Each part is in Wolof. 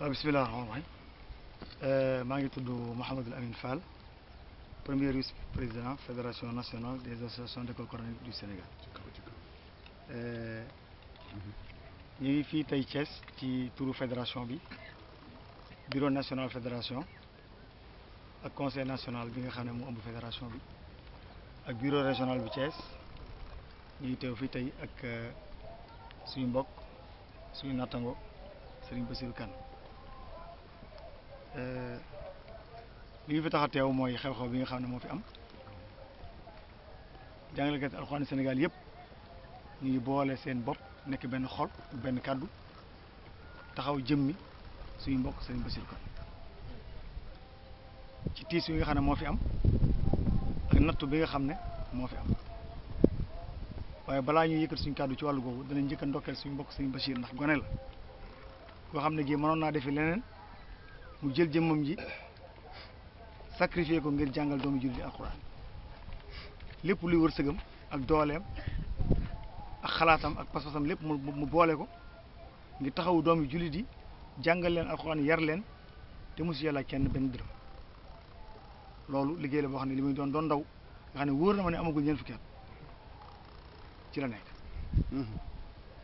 waaw bisimilah rahmaani rahiim euh, maa ngi tudd Mouhamadul Amine Fall premier vice président fédération national des associations d'école coranique du Sénégal euh, ñu ngi fii tey Thiès ci turu fédération bi bureau national fédération ak conseil national bi nga xam ne mu ëmb fédération bi ak bureau régional bu Thiès ñu ngi teew fii tey ak euh, suñu mbokk suñu nattango Serigne Bassirou Kane euh, li ñu fi tax a teew mooy xew-xew bi nga xam ne moo fi am jàngalekat alxuraan Sénégal yëpp ñu ngi boole seen bopp nekk benn xol benn kàddu taxaw jëmmi suñu mbokk Serigne Bassirou Kane ci tiis bi nga xam ne moo fi am ak nattu bi nga xam ne moo fi am waaye balaa ñuy yëkkat suñu kàddu ci wàllu googu danañ njëkk ndokkeel suñu mbokk Serigne Bassirou ndax gone la goo xam ne gii mënoon naa defi leneen mu jël jëmmam ji sacrifier ko ngir jàngal doomu jullit alquran lépp luy wërsëgam ak dooleem xalaatam ak pas-pasam lépp mu boole ko ngir taxawu doomu jullit yi jàngal leen alquran yar leen te mosu yàlla kenn benn dërëm loolu liggéey la boo xam ne li muy doon doon ndaw nga xam ne wóor na ma ne amagul ñeent fukki ci la nekk mm-hmm.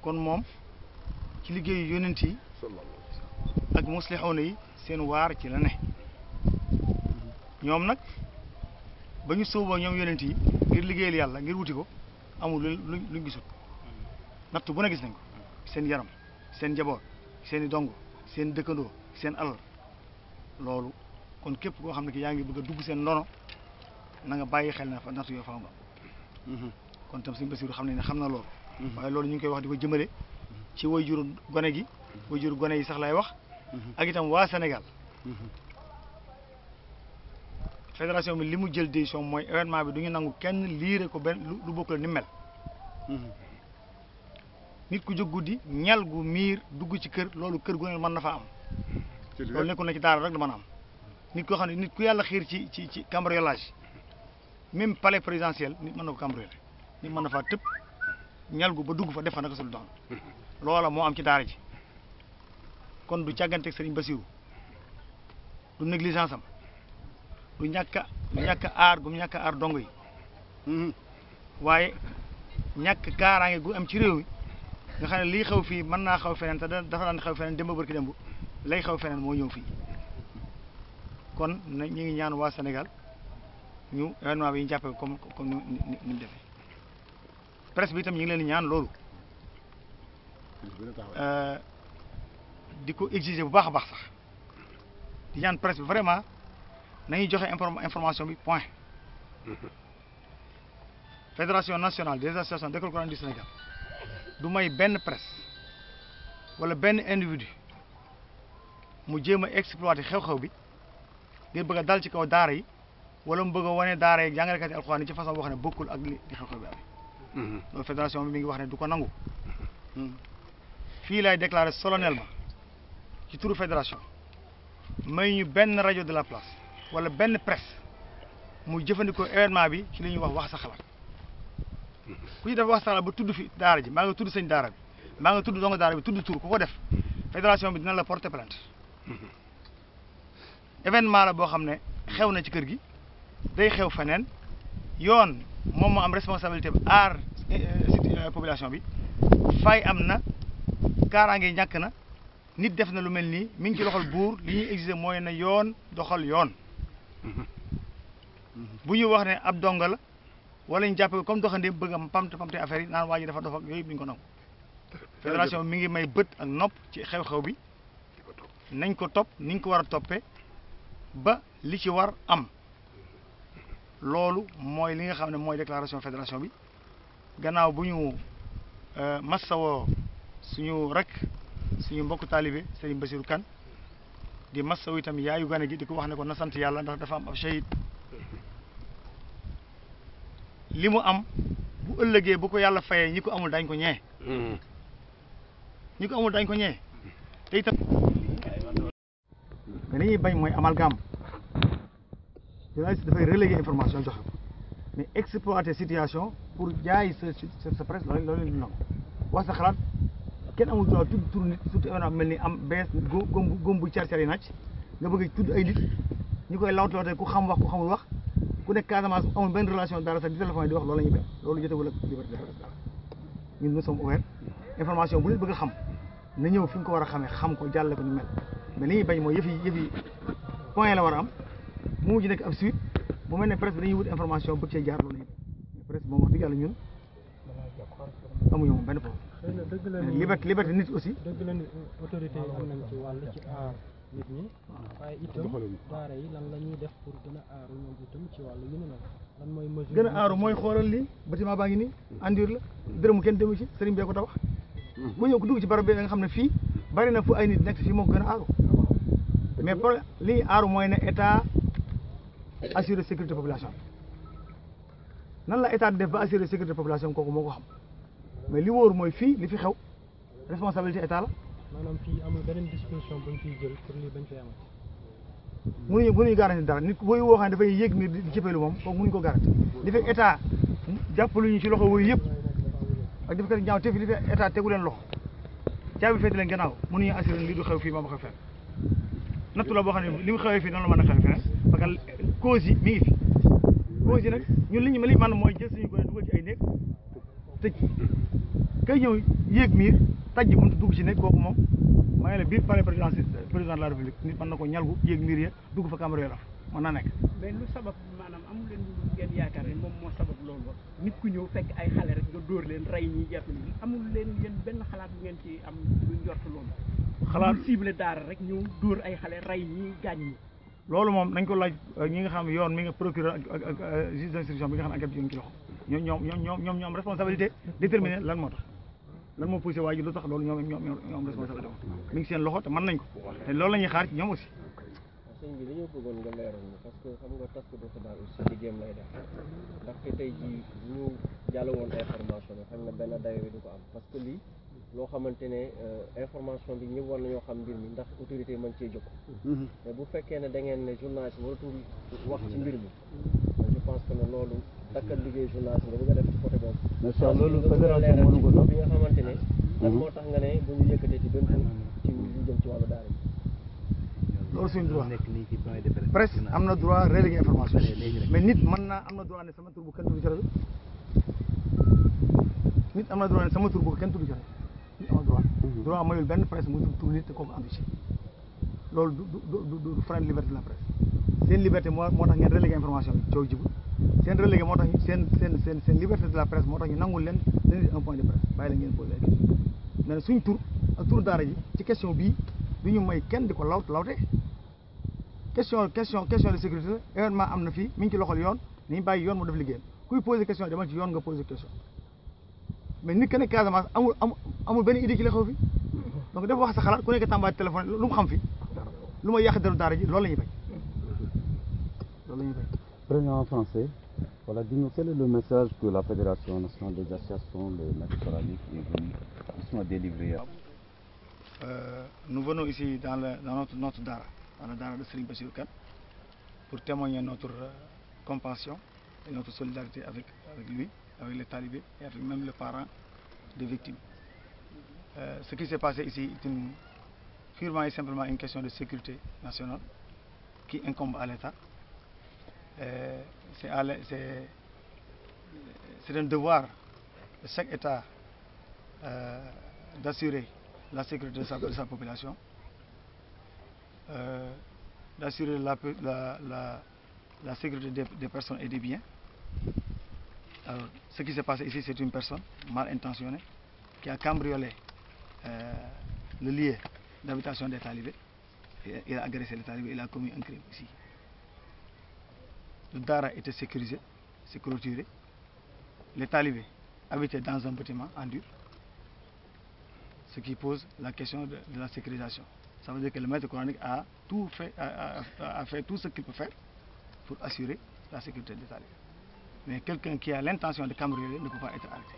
kon moom ci liggéeyu yonent yi ak muslixoona yi seen waar ci la ne ñoom nag ba ñu sóoboo ñoom yonent yi ngir liggéeyal yàlla ngir wuti ko amul lu luñ gisut nattu bu ne gis nañ ko seen yaram seen njaboot seen i dongo seen dëkkandoo seen alal loolu kon képp koo xam ne ki yaa ngi bëgg a dugg seen ndono na nga bàyyi xel na fa nattu yoo fa am mm-hmm. kon tam suñu Basiru xam ne ne xam na loolu mm-hmm. waaye loolu ñu ngi koy wax di ko jëmale ci way juru gone gi bu jur gone yi sax lay wax mm-hmm. ak itam waa Sénégal mm-hmm. fédération bi li mu jël décision mooy événement bi du ñu nangu kenn liire ko benn lu bokkul ni mel mm-hmm. nit ku jóg guddi ñal gu miir dugg ci kër loolu kër gu ne mën na fa am loolu nekkul na ci daara rek da mën a am nit koo xam ne nit ku yàlla xiir ci ci ci cambriolage même palais présidentiel nit mën na ko cambrioler nit mën na faa tëb ñal gu ba dugg fa def fa naka sul doon loola moo am ci daara ji kon du càgganteeg sëriñ Basiru du négligence am du ñàkk a du ñàkk a aar gu mu ñàkk aar dong yi mhm. waaye ñàkk kaaraange gu am ci réew mi nga xam ne lii xew fii mën naa xew feneen te dafa daan xew feneen démb barki démb lay xew feneen moo ñëw fii kon na ñu ngi ñaan waa Sénégal ñu événement bi ñu jàppee comme comme ni ni mu defee presse bi itam ñu ngi leen di ñaan loolu. di ko exiger bu baax a baax sax di ñaan presse vraiment nañuy joxe information bi point fédération nationale des associations d'écoles coraniques du Sénégal du may benn presse wala benn individu mu jéem a exploiter xew-xew bi ngir bëgg dal ci kaw daara yi wala mu bëgg wone wane daara yi jàngalekat yi alxuraan façon boo xam ne bokkul ak li xew-xew bi amee mhm. loolu bi mi ngi wax ne du ko nangu hmm. fii laay déclarer solennellement ci turu fédération may ñu benn rajo de la place wala benn presse mu jëfandikoo événement bi ci li ñuy wax wax sa xalaat mhm. ku ci def wax sa xalaat ba tudd fi daara ji maa nga tudd sëñ daara bi maa ngi tudd donga daara bi tudd tur ku ko def mhm. fédération bi dina la porter plainte mhm. événement la boo xam ne xew na ci kër gi day xew feneen yoon moom moo am responsabilité bi aar eh, eh, population bi fay am na kaaraange ñàkk na nit def na lu mel nii mi ngi ci loxol buur li ñuy exiger mooy na yoon doxal yoon mm-hmm. bu ñu wax ne ab donga la wala ñu jàppe comme doxandéem bëgg a pamte pamte affaire yi naan waa ji dafa dof ak yooyu bi ñu ko nangu fédération mi ngi may bët ak nopp ci xew-xew bi nañ ko topp niñ ko war a toppee ba li ci war am loolu mooy li nga xam ne mooy déclaration fédération bi gannaaw bu ñu euh, massawoo suñu rek suñu mbokk taalibe Serigne Bassirou kan di masawu itam yaayu gane gi di ko wax ne ko na sant yàlla ndax dafa am ab shahid li mu am bu ëllëgee bu ko yàlla fayee ñi ko amul dañ ko ñee ñi ko amul dañ ko ñee te itam mais bañ mooy amalgame journaliste dafay reléguer information joxe ko mais exploiter situation pour jaay sa sa presse loolu loolu la ñu wax sa xalaat kenn amul droit tudd tur nit surtout événement mel ni am bees góom góom bu car car yi naaj nga bëgg tudd ay nit ñu koy lawt lawte ku xam wax ku xamul wax ku nekk Casamance amul benn relation dara sax di téléphone di wax loolu la ñuy def loolu jotewul ak liberté information bu nit bëgg a xam na ñëw fi nga ko war a xamee xam ko jàll ko ñu mel mais li ñuy bañ mooy yëf yi yëf yi point la war a am mu mujj nekk ab suite bu mel ne presse bi dañuy wut information bëgg cee jaar loolu yëpp yàlla ñun amuñu moom benn problème Euh, liberté liberté nit aussi. dëgg la nit euh, autorité yi am nañ ci wàllu ci aar def pour gën a aaru mooy mesure. gën a aaru baa ngi nii hmm. andur la dërëmu kenn demu ci sëriñ bee ko tabax. Hmm. bu ñëw ku dugg ci barab bi da xam ne fii bari na fu ay nit nekk fii moo ko gën a aaru. mais problème li ñuy aaru mooy ne état assurer sécurité population nan la état def ba assurer sécurité population kooku moo ko xam. mais li wóor mooy fii li fi xew responsabilité état la. maanaam fii amul beneen disposition bu ñu fiy jël pour lii bañ fay amat. mënuñu mënuñu garanti dara nit woo xam ne dafay yéeg mi di cëppeelu moom kooku mënuñu ko garanti li fi état jàppalu ci loxo wooyu yëpp ak dafa kat ñaaw te fi li leen loxo caabi feete leen gannaaw mënuñu assuré lii du xew fii ma ma xew fenn nattu la boo xam ne li mu xewee fii noonu la mën a xew feneen parce que cause nag ñun li ñu ma li man mooy jël suñu gone dugal ci ay néeg tëj kay ñëw yéeg miir taj ji buntu dugg ci nekk kooku moom maa ngi ne biir palais président de la république nit mën na ko ñalgu yéeg miir ya dugg fa caméra la mën naa nekk. mais lu sabab maanaam yaakaar ne moom moo sabab loolu nit ku ñëw fekk ay xale rek nga dóor leen rey ñi jàpp leen yéen benn xalaat bu ngeen ci am lu njort loolu. xalaat cible rek ñëw dóor ay xale rey ñi gaañ ñi. loolu moom nañ ko laaj euh, ñi nga xam yoon mi nga procureur ak ak euh, juge d'instruction bi nga xam ne enquête bi ñu ñoom ñoom ñoom ñoom ñoom responsabilité déterminer lan moo tax lan moo poussé waa ji lu tax loolu ñoom ñoom ñoom responsabilité moom mi ngi seen loxo te mën nañ ko te loolu la ñuy xaar ci ñoom aussi. sëñ bi dañoo parce que xam nga taskatu xibaar aussi liggéeyam lay def ndaxte tey jii ñu jàll woon information bi xam nga benn dayo bi du am parce que lii loo xamante ne euh, information bi ñëpp war nañoo xam mbir mi ndax autorité mën cee jóg mhm. mais bu fekkee ne da ngeen ne journaliste waratul wax ci mbir mi je pense que loolu dakkal liggéey journaliste nga bëgg a def ci côté boobu. macha allah loolu fédération mënu ko doon bi nga xamante ne. lan mmh. moo tax nga ne bu ñu yëkkatee ci benn mmh. ci lu jëm ci wàllu daara loolu suñu droit presse am na droit relégué information mais nit mën naa am na droit ne sama tur bu kenn tudd ci rajo nit am na droit ne sama tur bu kenn tudd ci rajo nit am na droit. Mmh. droit mayul benn presse muy tudd tur nit te kooku am ci loolu du du du du frein liberté de la presse seen liberté moo moo tax ngeen relégué information bi coow jibul seen relégué moo tax seen seen seen seen liberté de la presse moo tax ñu nangul leen dañuy un point de presse bàyyi la ngeen posé mais suñ tur ak tur daara ci question bii du ñu may kenn di ko lawt lawte question question question de sécurité événement am na fi mi ci loxol yoon nañ bàyyi yoon mu def liggéeyam kuy posé question demal ci yoon nga posé question mais nit que ne Casamance amul amul benn idée ci la xew fi donc dafa wax sa xalaat ku nekk tàmbaat téléphone lu mu xam fi lu ma yàq deru daara ji lool la ñuy la ñuy bañ. président français. Voilà, dis-nous quel est le message que la Fédération nationale des associations, le maître coranique, est venue à délivrer euh, Nous venons ici dans, le, dans notre, notre, Dara, dans le Dara de Sri Bachirkan, pour témoigner notre euh, compassion et notre solidarité avec, avec, lui, avec les talibés et avec même les parents des victimes. Euh, ce qui s'est passé ici est une, purement et simplement une question de sécurité nationale qui incombe à l'État. Euh, c'est c'est un devoir de chaque État euh, d'assurer la sécurité de sa, de population, euh, d'assurer la, la, la, la, sécurité des, des, personnes et des biens. Alors, ce qui s'est passé ici, c'est une personne mal intentionnée qui a cambriolé euh, le lieu d'habitation des talibés. Il a agressé les talibés, il a commis un crime le a était sécurisé, c'est clôturé. Les talibés habitaient dans un bâtiment en dur, ce qui pose la question de, la sécurisation. Ça veut dire que le maître coranique a, tout fait, a, tout ce qu'il peut faire pour assurer la sécurité des talibés. Mais quelqu'un qui a l'intention de cambrioler ne peut pas être arrêté.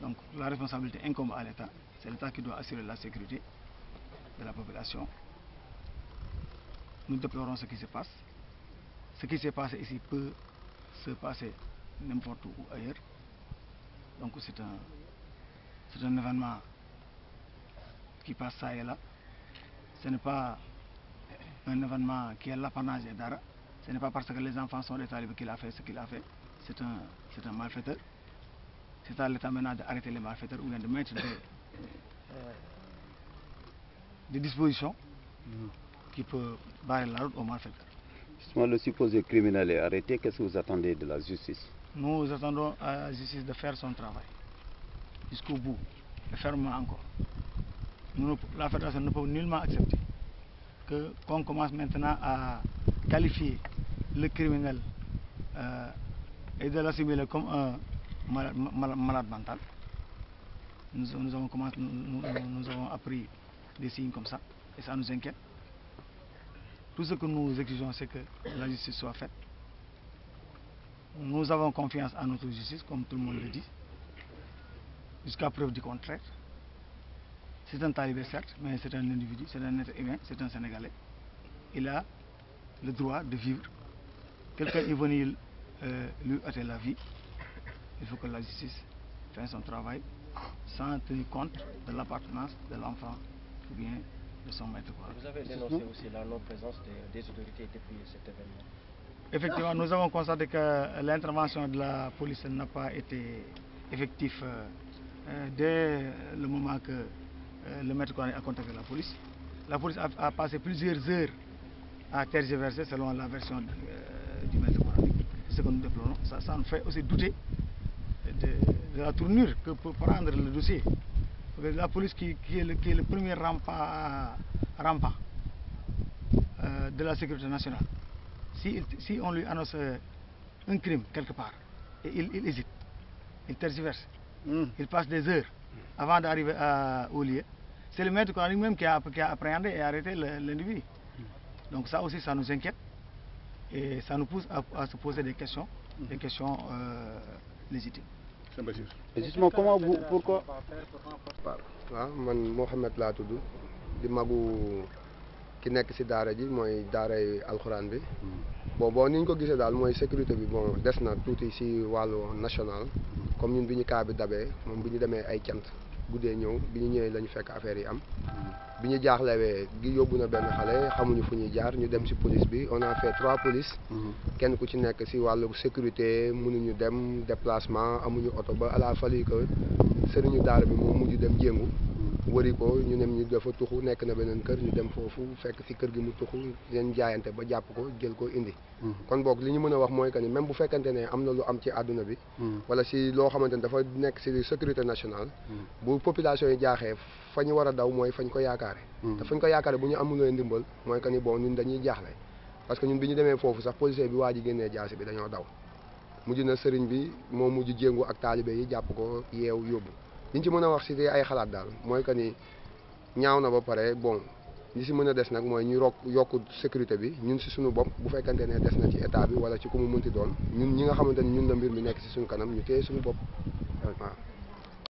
Donc la responsabilité incombe à l'État. C'est l'État qui doit assurer la sécurité de la population. Nous déplorons ce qui se passe. ce qui s'est passé ici peut se passer n'importe donc c'est un c'est un événement qui passe sa et là ce n'est pas un événement qui est l'apanage des dara ce n'est pas parce que les enfants sont des talibés qu'il a fait ce qu'il a fait c'est un c'est un malfaiteur c'est à l'État maintenant d'arrêter les malfaiteurs ou de mettre des, euh, mm. qui peuvent barrer la route aux malfaiteurs Justement, le supposé criminel est arrêté. Qu'est-ce que vous attendez de la justice Nous attendons à la justice de faire son travail jusqu'au bout, fermement encore. Nous, la Fédération ne peut accepter qu'on commence maintenant à qualifier le criminel euh, et de l'assimiler comme un malade, malade, malade mental. Nous, nous, avons commencé, nous, nous avons appris des signes comme ça et ça nous inquiète. Tout ce que nous exigeons, c'est que la justice soit faite. Nous avons confiance en notre justice, comme tout le monde le dit, jusqu'à preuve du contraire. C'est un talibé, certes, mais c'est un individu, c'est un être humain, c'est Sénégalais. Il a le droit de vivre. Quelqu'un est venu euh, lui ôter la vie. Il faut que la justice fasse son travail sans tenir compte de l'appartenance de l'enfant de 100 mètres. Quoi. Vous avez dénoncé aussi la non-présence des, des, autorités depuis cet événement. Effectivement, nous avons constaté que euh, l'intervention de la police n'a pas été effective euh, euh dès le moment que euh, le maître a contacté la police. La police passé plusieurs heures à tergiverser selon la version de, euh, du maître coranique, ce que nous déplorons. Ça, nous fait aussi douter de la tournure que peut prendre le dossier. la police qui, qui, est, le, qui est le, premier rempart, rempart euh, de la sécurité nationale. Si, si, on lui annonce euh, un crime quelque part, et il, il hésite, il tergiverse, mmh. il passe des heures avant d'arriver au lieu, c'est le maître coranique même qui a, qui a, appréhendé et arrêté l'individu. Mmh. Donc ça aussi, ça nous inquiète et ça nous pousse à, à se poser des questions, des hmm. questions euh, légitimes. sëñ ko justement waaw man mohamed laa tudd di magu ki nekk ci daara ji mooy daaray alxuraan bi hmm. bon bon ni ñu ko gisee daal mooy sécurité bi bon des na tuuti si wàllu national comme ñun bi ñu kaa bi dabee moom bi ñu demee ay cant guddee ñëw bi ñu ñëwee la fekk affaire yi am. Hmm. bi ñu jaaxlewee gi yóbbu na benn xale xamuñu fu ñuy jaar ñu dem ci police bi on a fait trois police mhm. kenn ku ci nekk ci wàllu sécurité mënuñu dem déplacement amuñu oto ba à la fallu que sëriñu daara bi moo mujj dem jéngu wëri ko ñu nem ñu dafa tuxu nekk na beneen kër ñu dem foofu fekk si kër gi mu tuxu leen jaayante ba jàpp ko jël ko indi mm. kon boog li ñu mën a wax mooy que ni même bu fekkante ne am na lu am ci àdduna bi mm. wala si loo xamante ne dafa nekk si sécurité national mm. bu population yi jaaxee fa ñu war a daw mooy fañ ko yaakaare te fañ ko yaakaare bu ñu amulee ndimbal mooy que ni bon dañuy jaaxle parce que ñu bi ñu demee foofu sax policier bi waa ji génnee jaasi bi dañoo daw mujj na sëriñ bi moo mujj jéngu ak taalibe yi jàpp ko yeew yóbbu liñ ci mën a wax si ay xalaat daal mooy que ni ñaaw na ba pare bon li ci mën a des nag mooy ñu rok yokk sécurité bi ñun si suñu bopp bu fekkante ne des na ci état bi wala ci ku mu mënti doon ñun ñi nga xamante ni ñun la mbir mi nekk si suñu kanam ñu téye suñu bopp waaw